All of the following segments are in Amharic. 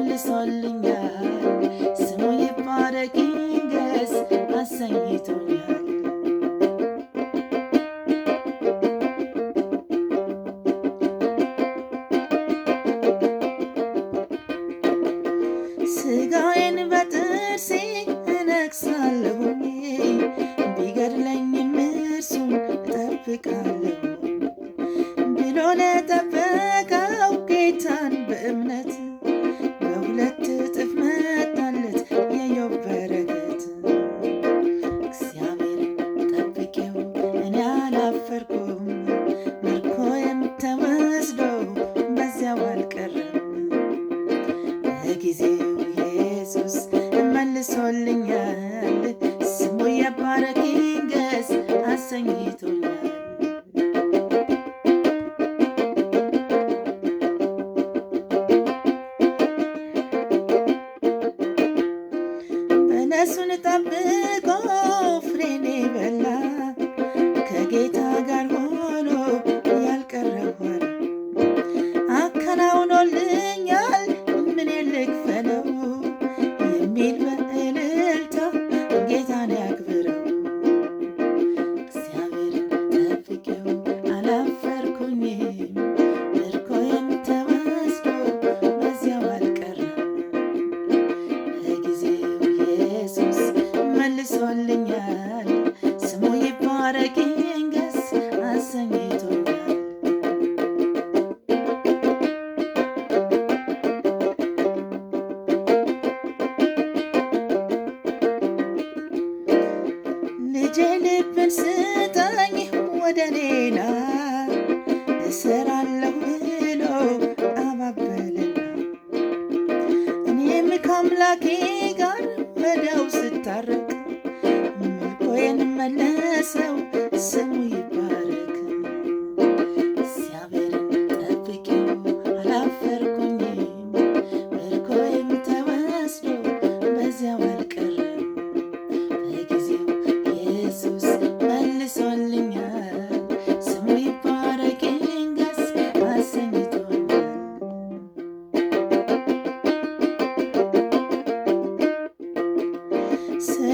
salli sallin gel እሱን ጠብቅ And Sit again.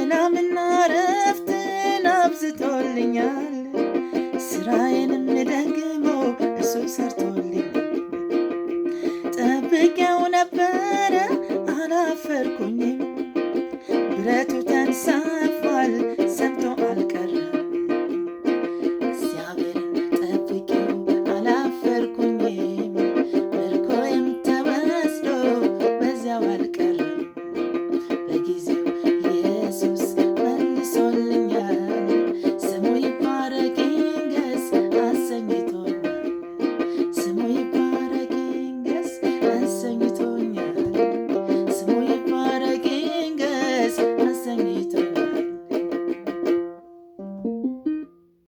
ሰላምና ረፍትን አብዝቶልኛል። ስራዬንም ደግሞ እሱ ሰርቶልኛል። ጠብቄው